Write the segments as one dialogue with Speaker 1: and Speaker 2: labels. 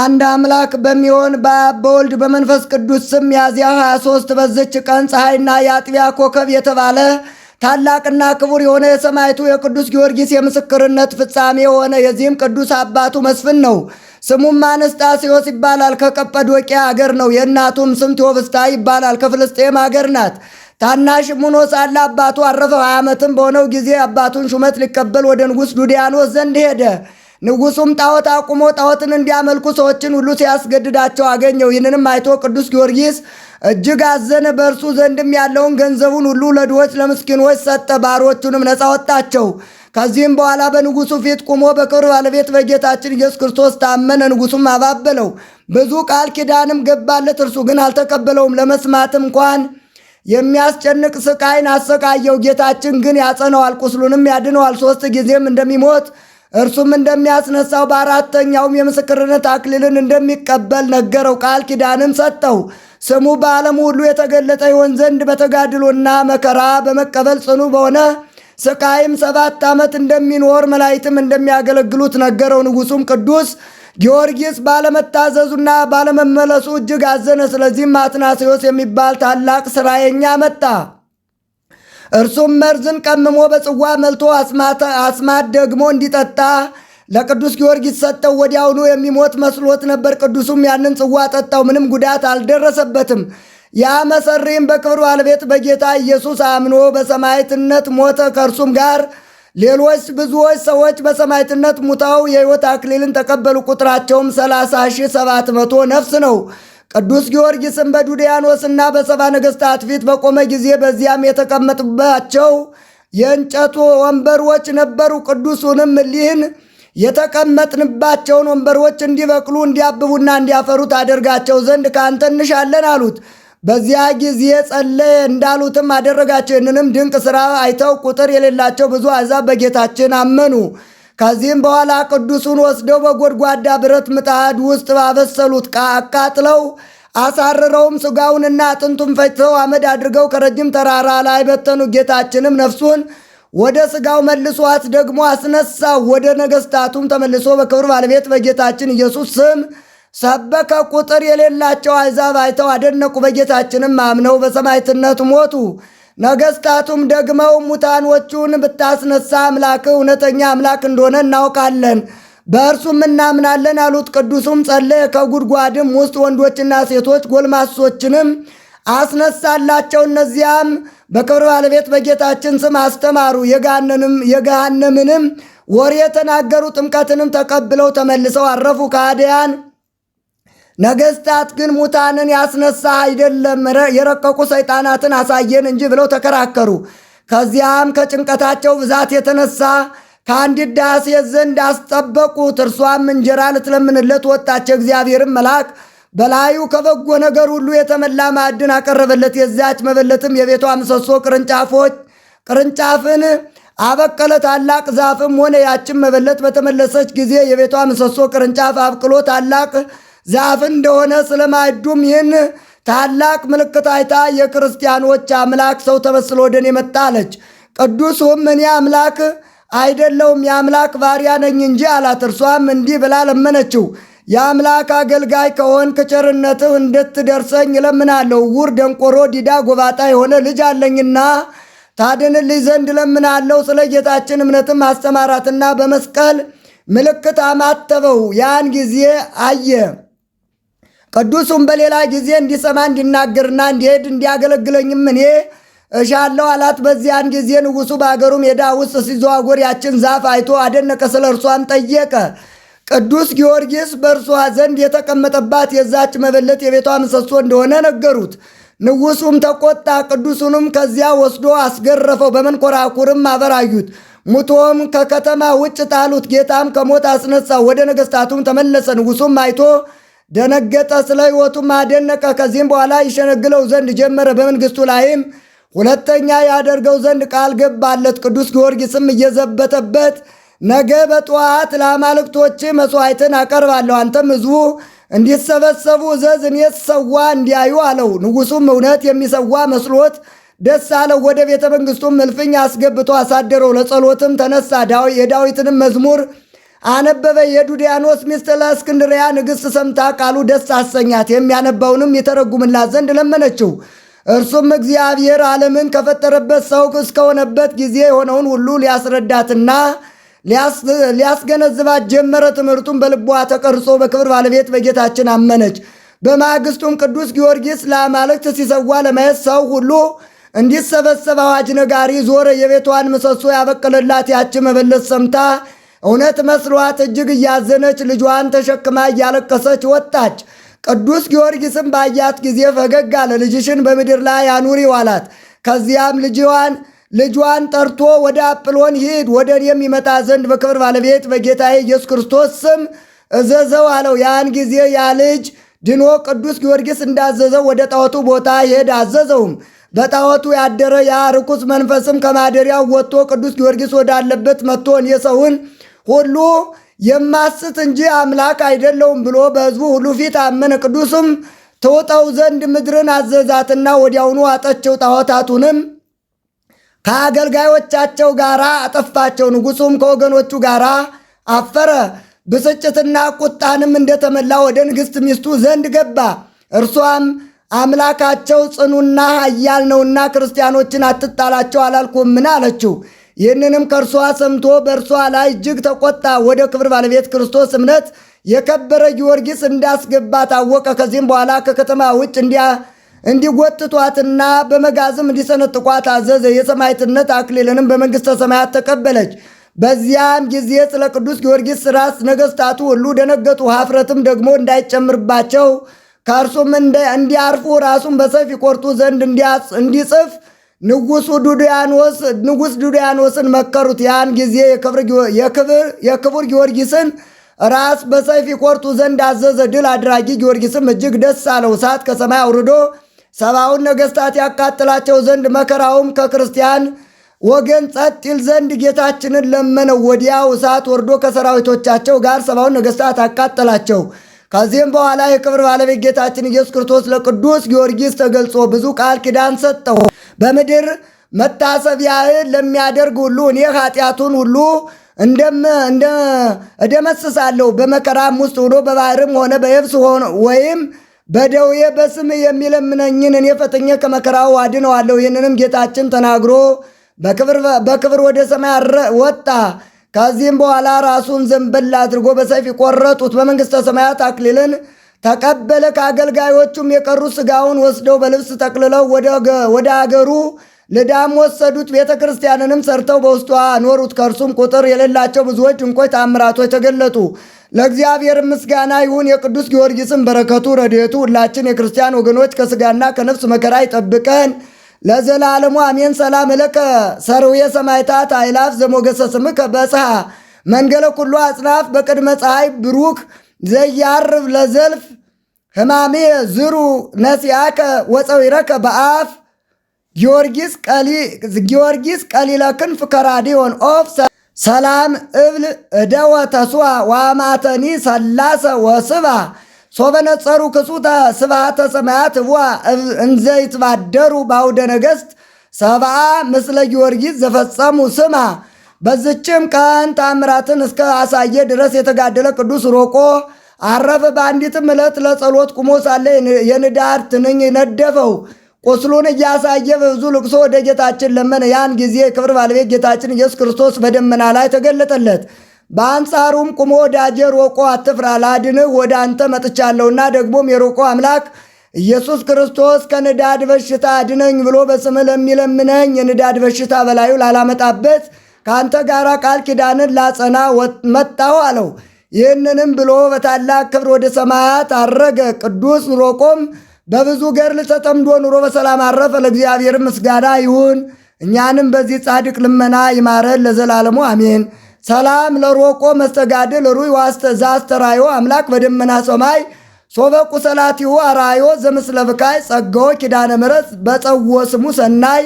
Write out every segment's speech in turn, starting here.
Speaker 1: አንድ አምላክ በሚሆን በአብ በወልድ በመንፈስ ቅዱስ ስም ሚያዝያ 23 በዝች ቀን ፀሐይና የአጥቢያ ኮከብ የተባለ ታላቅና ክቡር የሆነ የሰማዕቱ የቅዱስ ጊዮርጊስ የምስክርነት ፍጻሜ የሆነ የዚህም ቅዱስ አባቱ መስፍን ነው። ስሙም አነስጣስዮስ ይባላል። ከቀጰዶቅያ አገር ነው። የእናቱም ስም ቴዎብስታ ይባላል። ከፍልስጤም አገር ናት። ታናሽም ሆኖ ሳለ አባቱ አረፈ። 20 ዓመትም በሆነው ጊዜ አባቱን ሹመት ሊቀበል ወደ ንጉሥ ዱዲያኖስ ዘንድ ሄደ። ንጉሱም ጣዖት አቁሞ ጣዖትን እንዲያመልኩ ሰዎችን ሁሉ ሲያስገድዳቸው አገኘው። ይህንንም አይቶ ቅዱስ ጊዮርጊስ እጅግ አዘነ። በእርሱ ዘንድም ያለውን ገንዘቡን ሁሉ ለድሆች፣ ለምስኪኖች ሰጠ። ባሮቹንም ነፃ ወጣቸው። ከዚህም በኋላ በንጉሱ ፊት ቆሞ በክብር ባለቤት በጌታችን ኢየሱስ ክርስቶስ ታመነ። ንጉሱም አባበለው፣ ብዙ ቃል ኪዳንም ገባለት። እርሱ ግን አልተቀበለውም። ለመስማትም እንኳን የሚያስጨንቅ ስቃይን አሰቃየው። ጌታችን ግን ያጸነዋል፣ ቁስሉንም ያድነዋል። ሶስት ጊዜም እንደሚሞት እርሱም እንደሚያስነሳው በአራተኛውም የምስክርነት አክሊልን እንደሚቀበል ነገረው። ቃል ኪዳንም ሰጠው። ስሙ በዓለም ሁሉ የተገለጠ ይሆን ዘንድ በተጋድሎና መከራ በመቀበል ጽኑ በሆነ ስቃይም ሰባት ዓመት እንደሚኖር መላይትም እንደሚያገለግሉት ነገረው። ንጉሱም ቅዱስ ጊዮርጊስ ባለመታዘዙና ባለመመለሱ እጅግ አዘነ። ስለዚህም አትናሴዎስ የሚባል ታላቅ ሥራየኛ መጣ። እርሱም መርዝን ቀምሞ በጽዋ መልቶ አስማት ደግሞ እንዲጠጣ ለቅዱስ ጊዮርጊስ ሰጠው። ወዲያውኑ የሚሞት መስሎት ነበር። ቅዱሱም ያንን ጽዋ ጠጣው፣ ምንም ጉዳት አልደረሰበትም። ያ መሰሪም በክብር ባለቤት በጌታ ኢየሱስ አምኖ በሰማዕትነት ሞተ። ከእርሱም ጋር ሌሎች ብዙዎች ሰዎች በሰማዕትነት ሙታው የሕይወት አክሊልን ተቀበሉ። ቁጥራቸውም 30 ነፍስ ነው። ቅዱስ ጊዮርጊስም በዱድያኖስና በሰባ ነገሥታት ፊት በቆመ ጊዜ በዚያም የተቀመጥባቸው የእንጨቱ ወንበሮች ነበሩ። ቅዱሱንም ሊህን የተቀመጥንባቸውን ወንበሮች እንዲበቅሉ እንዲያብቡና እንዲያፈሩ ታደርጋቸው ዘንድ ከአንተ እንሻለን አሉት። በዚያ ጊዜ ጸለየ፣ እንዳሉትም አደረጋቸው። ይህንንም ድንቅ ሥራ አይተው ቁጥር የሌላቸው ብዙ አሕዛብ በጌታችን አመኑ። ከዚህም በኋላ ቅዱሱን ወስደው በጎድጓዳ ብረት ምጣድ ውስጥ ባበሰሉት አቃጥለው አሳርረውም ስጋውንና አጥንቱን ፈጭተው አመድ አድርገው ከረጅም ተራራ ላይ በተኑ። ጌታችንም ነፍሱን ወደ ስጋው መልሷት ደግሞ አስነሳው። ወደ ነገስታቱም ተመልሶ በክብር ባለቤት በጌታችን ኢየሱስ ስም ሰበከ። ቁጥር የሌላቸው አሕዛብ አይተው አደነቁ። በጌታችንም አምነው በሰማዕትነት ሞቱ። ነገስታቱም ደግመው ሙታኖቹን ብታስነሳ አምላክ እውነተኛ አምላክ እንደሆነ እናውቃለን፣ በእርሱም እናምናለን አሉት። ቅዱሱም ጸለየ። ከጉድጓድም ውስጥ ወንዶችና ሴቶች ጎልማሶችንም አስነሳላቸው። እነዚያም በክብር ባለቤት በጌታችን ስም አስተማሩ። የገሃነምንም ወሬ የተናገሩ ጥምቀትንም ተቀብለው ተመልሰው አረፉ። ከአዲያን ነገስታት ግን ሙታንን ያስነሳ አይደለም የረቀቁ ሰይጣናትን አሳየን እንጂ ብለው ተከራከሩ። ከዚያም ከጭንቀታቸው ብዛት የተነሳ ከአንዲት ድሃ ሴት ዘንድ አስጠበቁት። እርሷም እንጀራ ልትለምንለት ወጣች። እግዚአብሔርም መልአክ በላዩ ከበጎ ነገር ሁሉ የተመላ ማዕድን አቀረበለት። የዚያች መበለትም የቤቷ ምሰሶ ቅርንጫፎች ቅርንጫፍን አበቀለ። ታላቅ ዛፍም ሆነ ያችን መበለት በተመለሰች ጊዜ የቤቷ ምሰሶ ቅርንጫፍ አብቅሎ ታላቅ ዛፍ እንደሆነ ስለማይዱም ይህን ታላቅ ምልክት አይታ የክርስቲያኖች አምላክ ሰው ተመስሎ ወደ እኔ መጣ አለች። ቅዱሱም እኔ አምላክ አይደለውም የአምላክ ባሪያ ነኝ እንጂ አላት። እርሷም እንዲህ ብላ ለመነችው። የአምላክ አገልጋይ ከሆን ቸርነትህ እንድትደርሰኝ እለምናለሁ። ዕውር፣ ደንቆሮ፣ ዲዳ፣ ጎባጣ የሆነ ልጅ አለኝና ታድንልኝ ዘንድ እለምናለሁ። ስለ ጌታችን እምነትም አስተማራትና በመስቀል ምልክት አማተበው። ያን ጊዜ አየ። ቅዱሱም በሌላ ጊዜ እንዲሰማ እንዲናገርና እንዲሄድ እንዲያገለግለኝም እኔ እሻለው አላት። በዚያን ጊዜ ንጉሡ በአገሩ ሜዳ ውስጥ ሲዘዋወር ያችን ዛፍ አይቶ አደነቀ፣ ስለ እርሷም ጠየቀ። ቅዱስ ጊዮርጊስ በእርሷ ዘንድ የተቀመጠባት የዛች መበለት የቤቷ ምሰሶ እንደሆነ ነገሩት። ንጉሡም ተቆጣ። ቅዱሱንም ከዚያ ወስዶ አስገረፈው፣ በመንኮራኩርም አበራዩት። ሙቶም ከከተማ ውጭ ጣሉት። ጌታም ከሞት አስነሳው፣ ወደ ነገሥታቱም ተመለሰ። ንጉሡም አይቶ ደነገጠ፣ ስለ ሕይወቱም አደነቀ። ከዚህም በኋላ ይሸነግለው ዘንድ ጀመረ። በመንግስቱ ላይም ሁለተኛ ያደርገው ዘንድ ቃል ገባለት። ቅዱስ ጊዮርጊስም እየዘበተበት ነገ በጠዋት ለአማልክቶች መሥዋዕትን አቀርባለሁ፣ አንተም ሕዝቡ እንዲሰበሰቡ እዘዝ፣ እኔ ሰዋ እንዲያዩ አለው። ንጉሱም እውነት የሚሰዋ መስሎት ደስ አለው። ወደ ቤተ መንግስቱም እልፍኝ አስገብቶ አሳደረው። ለጸሎትም ተነሳ። የዳዊትንም መዝሙር አነበበ። የዱዲያኖስ ሚስት ለእስክንድሪያ ንግሥት ሰምታ ቃሉ ደስ አሰኛት። የሚያነባውንም የተረጉምላት ዘንድ ለመነችው። እርሱም እግዚአብሔር ዓለምን ከፈጠረበት ሰው እስከሆነበት ጊዜ የሆነውን ሁሉ ሊያስረዳትና ሊያስገነዝባት ጀመረ። ትምህርቱን በልቧ ተቀርጾ በክብር ባለቤት በጌታችን አመነች። በማግስቱም ቅዱስ ጊዮርጊስ ለአማልክት ሲሰዋ ለማየት ሰው ሁሉ እንዲሰበሰብ አዋጅ ነጋሪ ዞረ። የቤቷን ምሰሶ ያበቀለላት ያች መበለት ሰምታ እውነት መስሏት እጅግ እያዘነች ልጇን ተሸክማ እያለቀሰች ወጣች። ቅዱስ ጊዮርጊስም ባያት ጊዜ ፈገግ አለ። ልጅሽን በምድር ላይ አኑሪው አላት። ከዚያም ልጅዋን ልጇን ጠርቶ ወደ አጵሎን ሂድ፣ ወደ እኔም ይመጣ ዘንድ በክብር ባለቤት በጌታዬ ኢየሱስ ክርስቶስ ስም እዘዘው አለው። ያን ጊዜ ያ ልጅ ድኖ ቅዱስ ጊዮርጊስ እንዳዘዘው ወደ ጣዖቱ ቦታ ሄድ አዘዘውም። በጣዖቱ ያደረ ያ ርኩስ መንፈስም ከማደሪያው ወጥቶ ቅዱስ ጊዮርጊስ ወዳለበት መጥቶ እኔ ሰውን ሁሉ የማስት እንጂ አምላክ አይደለውም ብሎ በሕዝቡ ሁሉ ፊት አመነ። ቅዱስም ትውጠው ዘንድ ምድርን አዘዛትና ወዲያውኑ አጠቸው። ጣዖታቱንም ከአገልጋዮቻቸው ጋር አጠፋቸው። ንጉሱም ከወገኖቹ ጋር አፈረ። ብስጭትና ቁጣንም እንደተመላ ወደ ንግሥት ሚስቱ ዘንድ ገባ። እርሷም አምላካቸው ጽኑና ኃያል ነውና ክርስቲያኖችን አትጣላቸው አላልኩምን? አለችው። ይህንንም ከእርሷ ሰምቶ በእርሷ ላይ እጅግ ተቆጣ። ወደ ክብር ባለቤት ክርስቶስ እምነት የከበረ ጊዮርጊስ እንዳስገባ ታወቀ። ከዚህም በኋላ ከከተማ ውጭ እንዲጎትቷትና በመጋዝም እንዲሰነጥቋት አዘዘ። የሰማዕትነት አክሊልንም በመንግሥተ ሰማያት ተቀበለች። በዚያም ጊዜ ስለ ቅዱስ ጊዮርጊስ ራስ ነገሥታቱ ሁሉ ደነገጡ። ሀፍረትም ደግሞ እንዳይጨምርባቸው ከእርሱም እንዲያርፉ ራሱን በሰይፍ ይቆርጡ ዘንድ እንዲጽፍ ንጉሱ ዱድያኖስ ንጉስ ዱድያኖስን መከሩት። ያን ጊዜ የክቡር ጊዮርጊስን ራስ በሰይፍ ይቆርጡ ዘንድ አዘዘ። ድል አድራጊ ጊዮርጊስም እጅግ ደስ አለው። እሳት ከሰማይ አውርዶ ሰብአውን ነገስታት ያቃጥላቸው ዘንድ መከራውም ከክርስቲያን ወገን ጸጥ ይል ዘንድ ጌታችንን ለመነው። ወዲያው እሳት ወርዶ ከሰራዊቶቻቸው ጋር ሰብአውን ነገስታት አቃጠላቸው። ከዚህም በኋላ የክብር ባለቤት ጌታችን ኢየሱስ ክርስቶስ ለቅዱስ ጊዮርጊስ ተገልጾ ብዙ ቃል ኪዳን ሰጠው። በምድር መታሰቢያ ለሚያደርግ ሁሉ እኔ ኃጢአቱን ሁሉ እደመስሳለሁ። በመከራም ውስጥ ሆኖ በባህርም ሆነ በየብስ ወይም በደዌ በስም የሚለምነኝን እኔ ፈጥኜ ከመከራው አድነዋለሁ። ይህንንም ጌታችን ተናግሮ በክብር ወደ ሰማይ ወጣ። ከዚህም በኋላ ራሱን ዘንበል አድርጎ በሰይፍ ቆረጡት። በመንግሥተ ሰማያት አክሊልን ተቀበለ። ከአገልጋዮቹም የቀሩት ስጋውን ወስደው በልብስ ጠቅልለው ወደ አገሩ ልዳም ወሰዱት። ቤተ ክርስቲያንንም ሰርተው በውስጧ አኖሩት። ከእርሱም ቁጥር የሌላቸው ብዙዎች ድንቆች ተአምራቶች ተገለጡ። ለእግዚአብሔር ምስጋና ይሁን። የቅዱስ ጊዮርጊስን በረከቱ ረድኤቱ ሁላችን የክርስቲያን ወገኖች ከስጋና ከነፍስ መከራ ይጠብቀን ለዘላለሙ አሜን። ሰላም እለከ ሰርዌ ሰማይታት አይላፍ ዘሞገሰ ስምከ በጽሐ መንገለ ኩሉ አጽናፍ በቅድመ ፀሐይ ብሩክ ዘያርብ ለዘልፍ ህማሜ ዝሩ ነሲያከ ወፀዊረከ በአፍ ጊዮርጊስ ቀሊለ ክንፍ ከራዲዮን ኦፍ ሰላም እብል እደወ ተስዋ ዋማተኒ ሰላሰ ወስባ ሶበነጸሩ ክሱተ ስብሃተ ሰማያት ህዋ እንዘ ይትባደሩ ባውደ ነገሥት ሰብአ ምስለ ጊዮርጊስ ዘፈጸሙ ስማ በዝችም ቀን ታምራትን እስከ አሳየ ድረስ የተጋደለ ቅዱስ ሮቆ አረፈ። በአንዲትም ዕለት ለጸሎት ቁሞ ሳለ የንዳድ ትንኝ ነደፈው። ቁስሉን እያሳየ በብዙ ልቅሶ ወደ ጌታችን ለመነ። ያን ጊዜ የክብር ባለቤት ጌታችን ኢየሱስ ክርስቶስ በደመና ላይ ተገለጠለት። በአንጻሩም ቁሞ ወዳጄ ሮቆ አትፍራ፣ ላድንህ ወደ አንተ መጥቻለሁና ደግሞም የሮቆ አምላክ ኢየሱስ ክርስቶስ ከንዳድ በሽታ አድነኝ ብሎ በስምህ ለሚለምነኝ የንዳድ በሽታ በላዩ ላላመጣበት ከአንተ ጋር ቃል ኪዳንን ላጸና መጣሁ አለው። ይህንንም ብሎ በታላቅ ክብር ወደ ሰማያት አረገ። ቅዱስ ኑሮቆም በብዙ ገድል ተጠምዶ ኑሮ በሰላም አረፈ። ለእግዚአብሔር ምስጋና ይሁን። እኛንም በዚህ ጻድቅ ልመና ይማረን ለዘላለሙ አሜን። ሰላም ለሮቆ መስተጋድል ሩይ ዛስተራዮ አምላክ በደመና ሰማይ ሶበቁ ሰላቲሁ አራዮ ዘምስለብካይ ጸጋዎ ኪዳነ ምረት በጸዎ ስሙ ሰናይ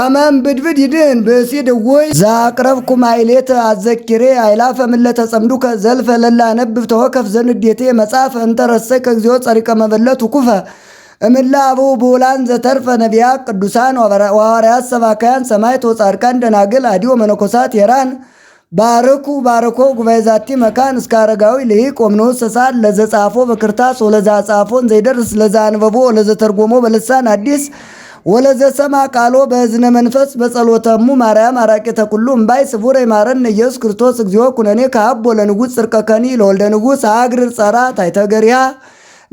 Speaker 1: ከመም ብድብድ ይድን ብእሲ ድውይ ዘአቅረብኩ ማይሌት አዘኪሬ አይላፈ ምለተ ጸምዱከ ዘልፈ ለላ ነብብ ተወከፍ ዘንዴቴ መጽሐፍ እንተረሰከ እግዚኦ ጸሪቀ መበለት ኩፈ እምላ አቡ ብውላን ዘተርፈ ነቢያ ቅዱሳን ዋርያት ሰባካያን ሰማይት ወጻድቃን ደናግል አዲዮ መነኮሳት የራን ባርኩ ባርኮ ጉባኤ ዛቲ መካን እስከ አረጋዊ ልሂቅ ወምኖስ ሰሳን ለዘጻፎ በክርታስ ወለዛ ጻፎን ዘይደርስ ለዛ አንበቦ ወለዘተርጎሞ በልሳን አዲስ ሰማ ቃሎ በእዝነ መንፈስ በጸሎተሙ ማርያም አራቂ ተኩሉ እምባይ ስቡር ይማረን ኢየሱስ ክርስቶስ እግዚኦ ኩነኔ ከአብ ወለንጉሥ ጽርቀከኒ ለወልደ ንጉሥ አግርር ጸራ ታይተገሪያ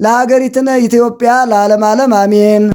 Speaker 1: ለአገሪትነ ኢትዮጵያ ለዓለም ዓለም አሜን።